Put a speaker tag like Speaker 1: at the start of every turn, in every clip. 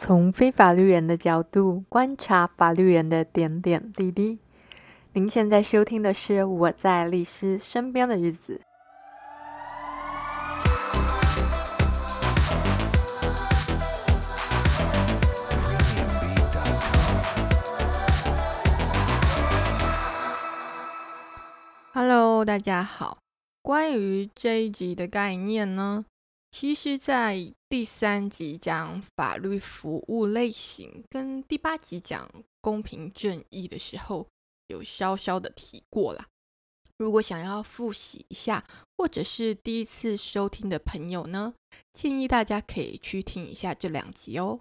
Speaker 1: 從非法律人的角度觀察法律人的點點滴滴。您現在收聽的是《我在律師身邊的日子》。Hello，大家好。關於這一集的概念呢，其實，在第三集講法律服務類型，跟第八集講公平正義的時候，有稍稍的提過啦。如果想要複習一下，或者是第一次收聽的朋友呢，建議大家可以去聽一下這兩集哦。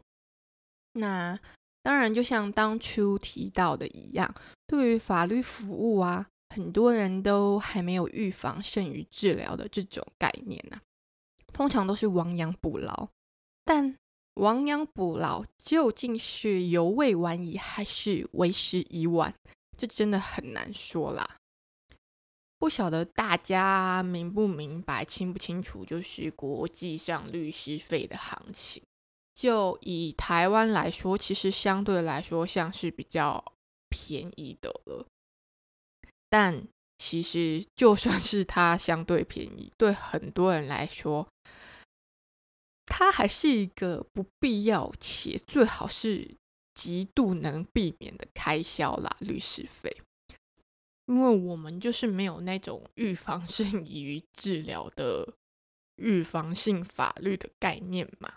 Speaker 1: 那當然，就像當初提到的一樣，對於法律服務啊，很多人都還沒有預防勝於治療的這種概念呢、啊。通常都是亡羊補牢，但亡羊補牢究竟是猶未晚矣，還是為時已晚？這真的很難說啦。不曉得大家明不明白、清不清楚，就是國際上律師費的行情。就以台灣來說，其實相對來說像是比較便宜的了，但。其實，就算是它相對便宜，對很多人來說，它還是一個不必要且最好是極度能避免的開銷啦——律師費。因為我們就是沒有那種預防勝於治療的預防性法律的概念嘛，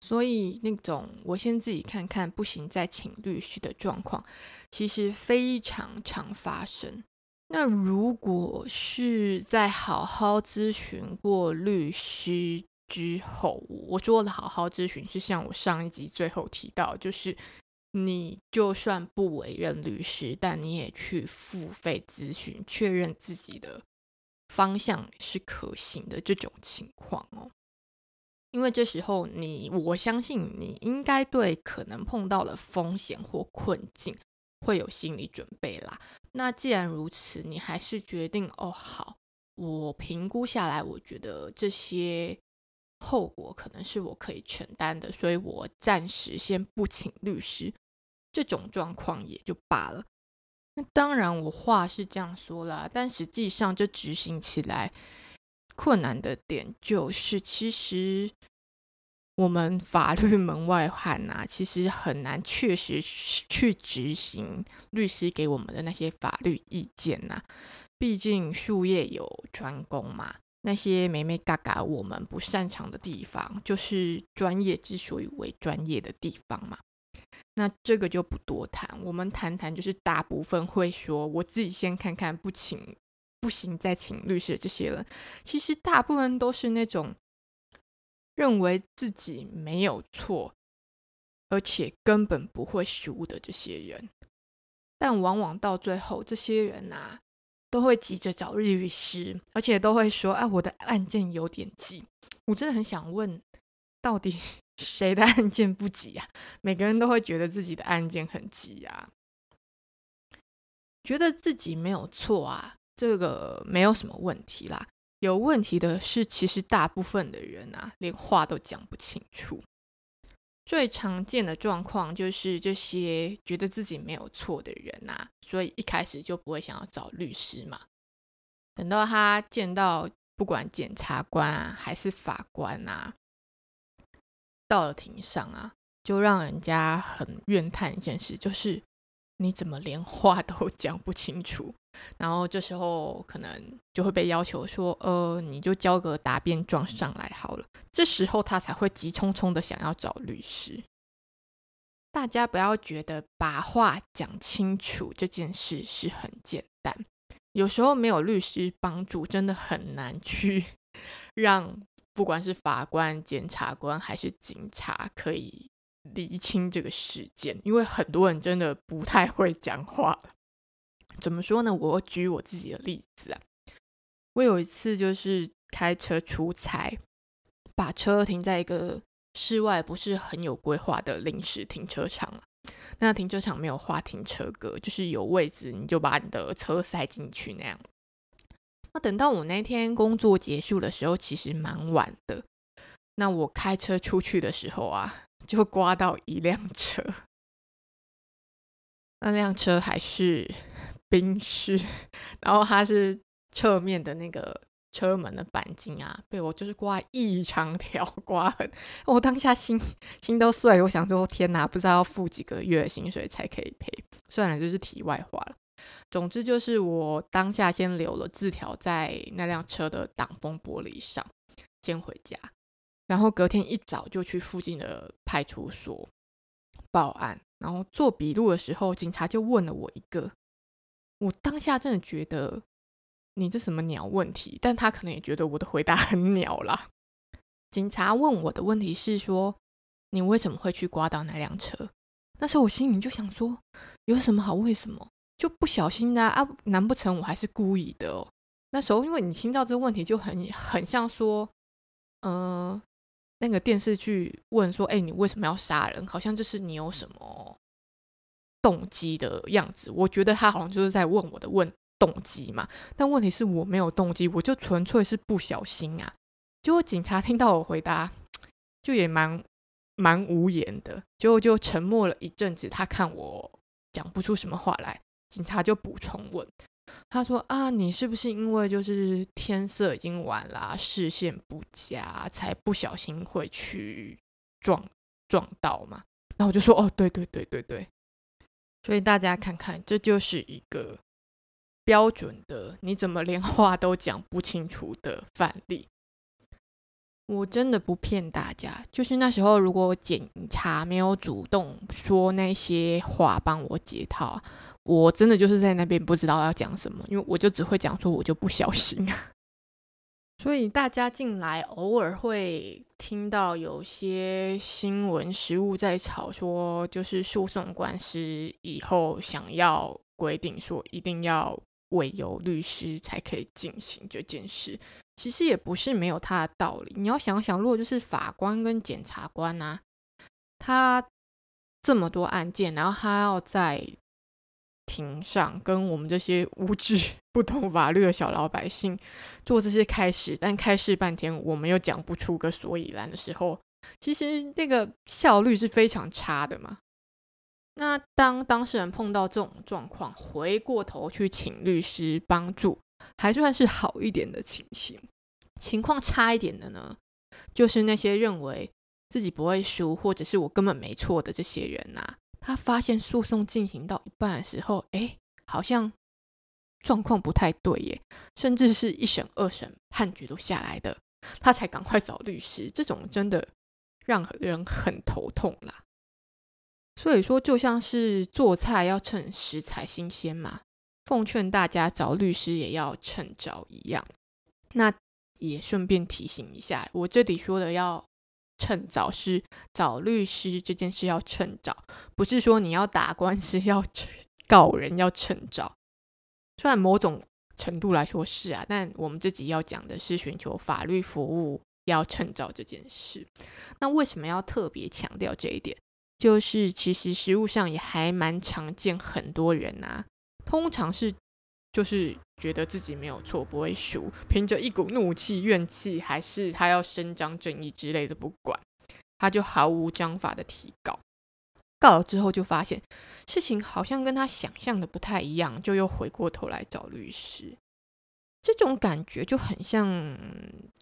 Speaker 1: 所以那種我先自己看看，不行再請律師的狀況，其實非常常發生。那如果是在好好諮詢過律師之後，我說的好好諮詢是像我上一集最後提到，就是你就算不委任律師，但你也去付費諮詢，確認自己的方向是可行的這種情況哦。因為這時候你，我相信你應該對可能碰到的風險或困境會有心理準備啦。那既然如此，你還是決定哦，好，我評估下來，我覺得這些後果可能是我可以承擔的，所以我暫時先不請律師。這種狀況也就罷了。那當然，我話是這樣說啦，但實際上這執行起來困難的點就是，其實。我們法律門外漢啊，其實很難確實去執行律師給我們的那些法律意見啊。畢竟術業有專攻嘛，那些眉眉角角我們不擅長的地方，就是專業之所以為專業的地方嘛。那這個就不多談，我們談談就是大部分會說，我自己先看看不，不請不行，再請律師這些人。其實大部分都是那種。認為自己沒有錯，而且根本不會輸的這些人，但往往到最後，這些人吶、啊，都會急着找律師，而且都會說：“哎、啊，我的案件有點急，我真的很想問，到底誰的案件不急呀、啊？”每個人都會覺得自己的案件很急啊，覺得自己沒有錯啊，這個沒有什麼問題啦。有問題的是，其實大部分的人啊，連話都講不清楚。最常見的狀況就是這些覺得自己沒有錯的人啊，所以一開始就不會想要找律師嘛。等到他見到不管檢察官啊，還是法官啊，到了庭上啊，就讓人家很怨嘆一件事，就是。你怎麼連話都講不清楚？然後這時候可能就會被要求說：“呃，你就交個答辯狀上來好了。”這時候他才會急匆匆地想要找律師。大家不要覺得把話講清楚這件事是很簡單，有時候沒有律師幫助，真的很難去讓不管是法官、檢察官還是警察可以。釐清這個事件，因為很多人真的不太會講話。怎麼說呢？我舉我自己的例子啊，我有一次就是開車出差，把車停在一個室外不是很有規劃的臨時停車場。那停車場沒有劃停車格，就是有位置你就把你的車塞進去那樣。那等到我那天工作結束的時候，其實蠻晚的。那我開車出去的時候啊。就刮到一輛車，那輛車還是賓士，然後它是側面的那個車門的鈑金啊，被我就是刮一長條刮痕。我當下心心都碎，我想說天哪，不知道要付幾個月薪水才可以賠。算了，就是題外話了。總之就是我當下先留了字條在那輛車的擋風玻璃上，先回家。然後隔天一早就去附近的派出所報案，然後做筆錄的時候，警察就問了我一個，我當下真的覺得你這什麼鳥問題？但他可能也覺得我的回答很鳥啦。警察問我的問題是說，你為什麼會去刮到那輛車？那時候我心裡就想說，有什麼好？為什麼就不小心的啊，啊？難不成我還是故意的哦？那時候因為你聽到這個問題就很很像說，嗯，呃。那個電視劇問說：“哎、欸，你為什麼要殺人？好像就是你有什麼動機的樣子。”我覺得他好像就是在問我的問動機嘛。但問題是，我沒有動機，我就純粹是不小心啊。結果警察聽到我回答，就也蠻蠻無言的，結果就沉默了一陣子。他看我講不出什麼話來，警察就補充問。他說啊，你是不是因為就是天色已經晚了，視線不佳，才不小心會去撞撞到嘛？然後我就說哦，對對對對對，所以大家看看，這就是一個標準的你怎麼連話都講不清楚的範例。我真的不騙大家，就是那時候如果我警察沒有主動說那些話幫我解套。我真的就是在那邊不知道要講什麼，因為我就只會講說我就不小心、啊，所以大家進來偶爾會聽到有些新聞、時事在吵說，就是訴訟官司以後想要規定說一定要委由律師才可以進行這件事。其實也不是沒有他的道理，你要想想，如果就是法官跟檢察官吶、啊，他這麼多案件，然後他要在庭上跟我們這些無知、不懂法律的小老百姓做這些開示，但開示半天，我們又講不出個所以然的時候，其實這個效率是非常差的嘛。那當當事人碰到這種狀況，回過頭去請律師幫助，還算是好一點的情形。情況差一點的呢，就是那些認為自己不會輸，或者是我根本沒錯的這些人啊。他發現訴訟進行到一半的時候，哎，好像狀況不太對耶，甚至是一審、二審判決都下來的，他才趕快找律師。這種真的讓人很頭痛啦。所以說，就像是做菜要趁食材新鮮嘛，奉勸大家找律師也要趁早一樣。那也順便提醒一下，我這裡說的要。趁早是找律師這件事要趁早，不是說你要打官司、要告人要趁早。雖然某種程度來說是啊，但我們自己要講的是尋求法律服務要趁早這件事。那為什麼要特別強調這一點？就是其實實務上也還蠻常見，很多人啊，通常是。就是覺得自己沒有錯，不會輸，憑着一股怒氣、怨氣，還是他要伸張正義之類的，不管，他就毫無章法的提告。告了之後，就發現事情好像跟他想象的不太一樣，就又回過頭來找律師。這種感覺就很像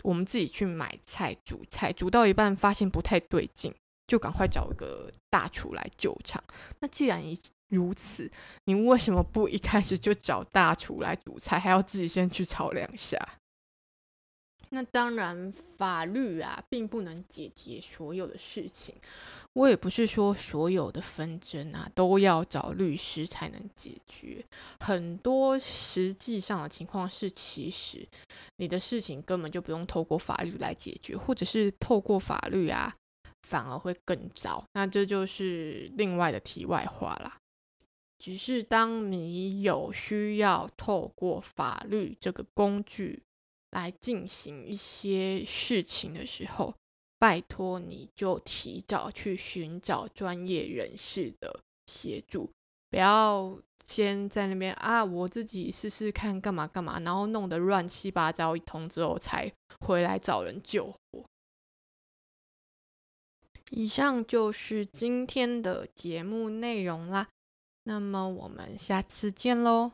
Speaker 1: 我們自己去買菜、煮菜，煮到一半發現不太對勁，就趕快找一個大廚來救場。那既然一如此，你為什麼不一開始就找大廚來煮菜，還要自己先去炒兩下？那當然，法律啊，並不能解決所有的事情。我也不是說所有的紛爭啊，都要找律師才能解決。很多實際上的情況是，其實你的事情根本就不用透過法律來解決，或者是透過法律啊，反而會更糟。那這就是另外的題外話啦。只是當你有需要透過法律這個工具來進行一些事情的時候，拜託你就提早去尋找專業人士的協助，不要先在那邊啊，我自己試試看幹嘛幹嘛，然後弄得亂七八糟一通之後才回來找人救火。以上就是今天的節目內容啦。那麼我們下次見嘍！